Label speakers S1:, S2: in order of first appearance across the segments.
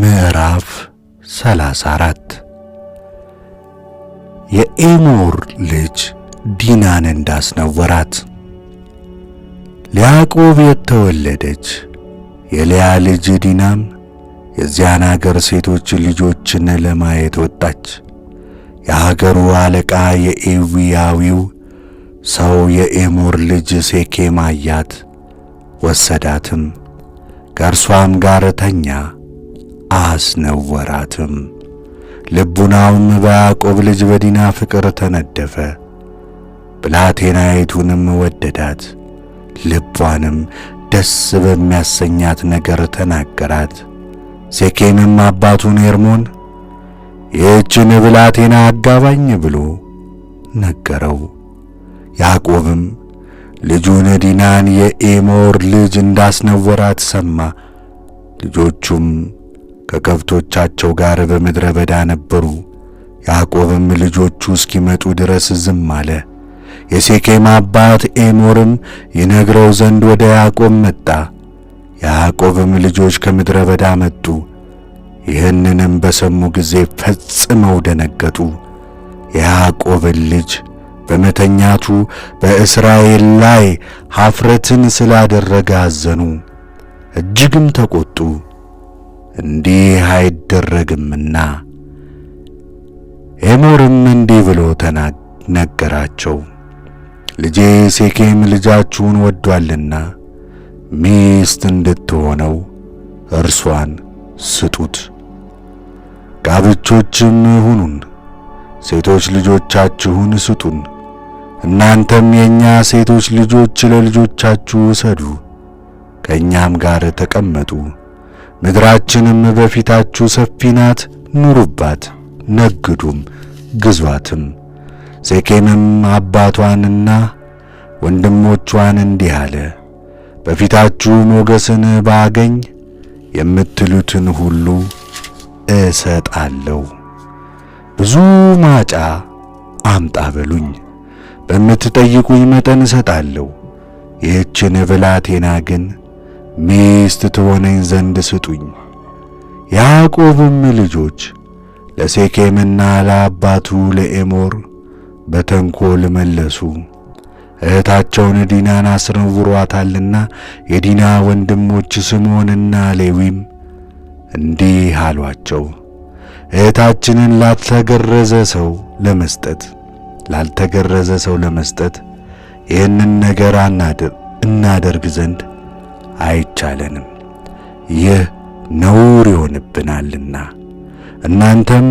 S1: ምዕራፍ 34 የኤሞር ልጅ ዲናን እንዳስነወራት። ለያዕቆብ የተወለደች የልያ ልጅ ዲናም የዚያን አገር ሴቶች ልጆችን ለማየት ወጣች። የአገሩ አለቃ የኤዊያዊው ሰው የኤሞር ልጅ ሴኬም አያት፣ ወሰዳትም፣ ከእርሷም ጋር ተኛ። አስነወራትም። ልቡናውም በያዕቆብ ልጅ በዲና ፍቅር ተነደፈ። ብላቴናይቱንም ወደዳት፣ ልቧንም ደስ በሚያሰኛት ነገር ተናገራት። ሴኬንም አባቱን ኤርሞን ይህችን ብላቴና አጋባኝ ብሎ ነገረው። ያዕቆብም ልጁን ዲናን የኤሞር ልጅ እንዳስነወራት ሰማ። ልጆቹም ከከብቶቻቸው ጋር በምድረ በዳ ነበሩ። ያዕቆብም ልጆቹ እስኪመጡ ድረስ ዝም አለ። የሴኬም አባት ኤሞርም ይነግረው ዘንድ ወደ ያዕቆብ መጣ። ያዕቆብም ልጆች ከምድረ በዳ መጡ። ይህንንም በሰሙ ጊዜ ፈጽመው ደነገጡ። የያዕቆብን ልጅ በመተኛቱ በእስራኤል ላይ ሐፍረትን ስላደረገ አዘኑ፣ እጅግም ተቈጡ። እንዲህ አይደረግምና። ኤሞርም እንዲህ ብሎ ነገራቸው፣ ልጄ ሴኬም ልጃችሁን ወዷልና ሚስት እንድትሆነው እርሷን ስጡት። ጋብቾችም ሁኑን፣ ሴቶች ልጆቻችሁን ስጡን። እናንተም የእኛ ሴቶች ልጆች ለልጆቻችሁ ውሰዱ፣ ከእኛም ጋር ተቀመጡ ምድራችንም በፊታችሁ ሰፊ ናት፣ ኑሩባት፣ ነግዱም፣ ግዟትም። ሴኬምም አባቷንና ወንድሞቿን እንዲህ አለ፣ በፊታችሁ ሞገስን ባገኝ የምትሉትን ሁሉ እሰጣለሁ። ብዙ ማጫ አምጣ በሉኝ፣ በምትጠይቁኝ መጠን እሰጣለሁ። ይህችን ብላቴና ግን ሚስት ትሆነኝ ዘንድ ስጡኝ። ያዕቆብም ልጆች ለሴኬምና ለአባቱ ለኤሞር በተንኮል መለሱ። እህታቸውን ዲናን አስነውሯታልና የዲና ወንድሞች ስምዖንና ሌዊም እንዲህ አሏቸው፣ እህታችንን ላልተገረዘ ሰው ለመስጠት ላልተገረዘ ሰው ለመስጠት ይህንን ነገር እናደርግ ዘንድ አይቻለንም፣ ይህ ነውር ይሆንብናልና። እናንተም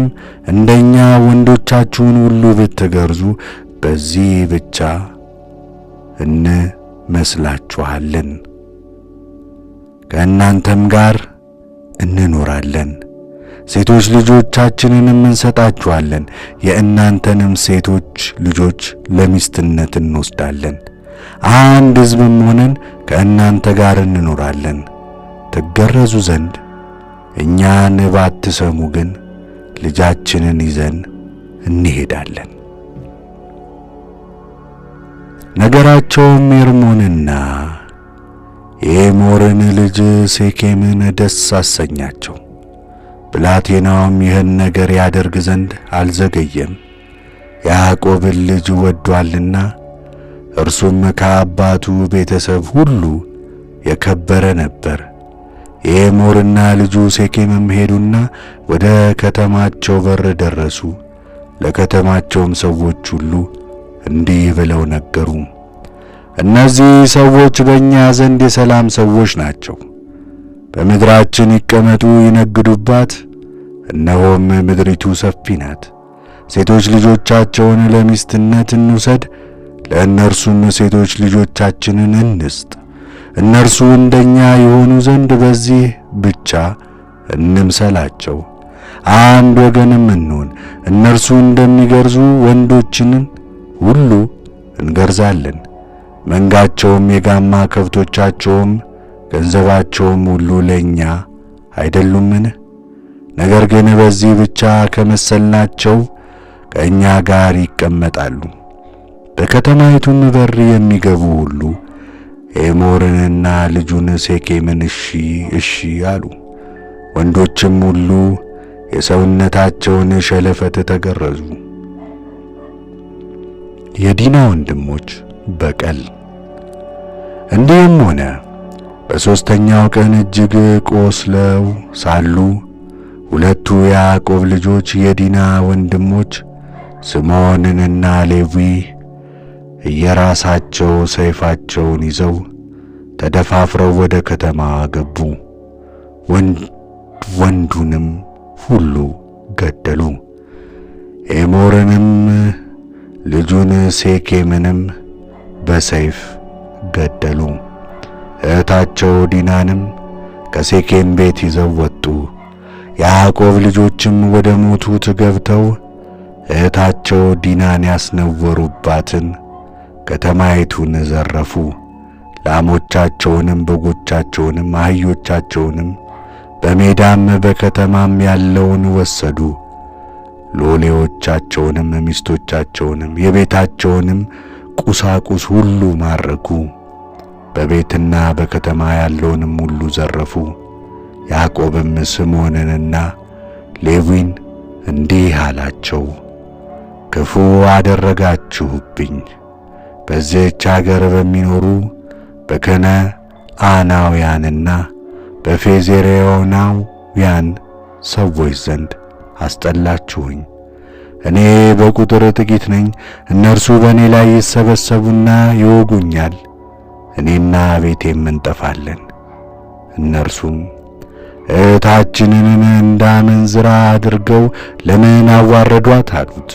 S1: እንደኛ ወንዶቻችሁን ሁሉ ብትገርዙ በዚህ ብቻ እንመስላችኋለን፣ ከእናንተም ጋር እንኖራለን። ሴቶች ልጆቻችንንም እንሰጣችኋለን፣ የእናንተንም ሴቶች ልጆች ለሚስትነት እንወስዳለን። አንድ ሕዝብም ሆነን ከእናንተ ጋር እንኖራለን። ትገረዙ ዘንድ እኛን ባትሰሙ ግን ልጃችንን ይዘን እንሄዳለን። ነገራቸውም ኤርሞንና የኤሞርን ልጅ ሴኬምን ደስ አሰኛቸው። ብላቴናውም ይህን ነገር ያደርግ ዘንድ አልዘገየም፣ ያዕቆብን ልጅ ወዷልና እርሱም ከአባቱ ቤተሰብ ሁሉ የከበረ ነበር። ኤሞርና ልጁ ሴኬምም ሄዱና ወደ ከተማቸው በር ደረሱ። ለከተማቸውም ሰዎች ሁሉ እንዲህ ብለው ነገሩ፣ እነዚህ ሰዎች በእኛ ዘንድ የሰላም ሰዎች ናቸው። በምድራችን ይቀመጡ ይነግዱባት። እነሆም ምድሪቱ ሰፊ ናት። ሴቶች ልጆቻቸውን ለሚስትነት እንውሰድ ለእነርሱም ሴቶች ልጆቻችንን እንስጥ፣ እነርሱ እንደኛ የሆኑ ዘንድ በዚህ ብቻ እንምሰላቸው። አንድ ወገንም እንሁን፣ እነርሱ እንደሚገርዙ ወንዶችንን ሁሉ እንገርዛለን። መንጋቸውም የጋማ ከብቶቻቸውም ገንዘባቸውም ሁሉ ለእኛ አይደሉምን? ነገር ግን በዚህ ብቻ ከመሰልናቸው ከእኛ ጋር ይቀመጣሉ። በከተማይቱም በር የሚገቡ ሁሉ ኤሞርንና ልጁን ሴኬምን እሺ እሺ አሉ። ወንዶችም ሁሉ የሰውነታቸውን ሸለፈት ተገረዙ። የዲና ወንድሞች በቀል። እንዲህም ሆነ በሦስተኛው ቀን እጅግ ቆስለው ሳሉ ሁለቱ የያዕቆብ ልጆች የዲና ወንድሞች ስምዖንንና ሌዊ እየራሳቸው ሰይፋቸውን ይዘው ተደፋፍረው ወደ ከተማ ገቡ። ወንዱንም ሁሉ ገደሉ። ኤሞርንም ልጁን ሴኬምንም በሰይፍ ገደሉ። እህታቸው ዲናንም ከሴኬም ቤት ይዘው ወጡ። ያዕቆብ ልጆችም ወደ ሞቱት ገብተው እህታቸው ዲናን ያስነወሩባትን ከተማይቱን ዘረፉ። ላሞቻቸውንም፣ በጎቻቸውንም፣ አህዮቻቸውንም በሜዳም በከተማም ያለውን ወሰዱ። ሎሌዎቻቸውንም፣ ሚስቶቻቸውንም፣ የቤታቸውንም ቁሳቁስ ሁሉ ማረኩ። በቤትና በከተማ ያለውንም ሁሉ ዘረፉ። ያዕቆብም ስምዖንንና ሌዊን እንዲህ አላቸው፣ ክፉ አደረጋችሁብኝ በዚህች አገር በሚኖሩ በከነ አናውያንና በፌዜሬዮናውያን ሰዎች ዘንድ አስጠላችሁኝ። እኔ በቁጥር ጥቂት ነኝ፣ እነርሱ በእኔ ላይ ይሰበሰቡና ይወጉኛል። እኔና ቤቴም እንጠፋለን። እነርሱም እህታችንን እንዳመንዝራ አድርገው ለምን አዋረዷት አሉት።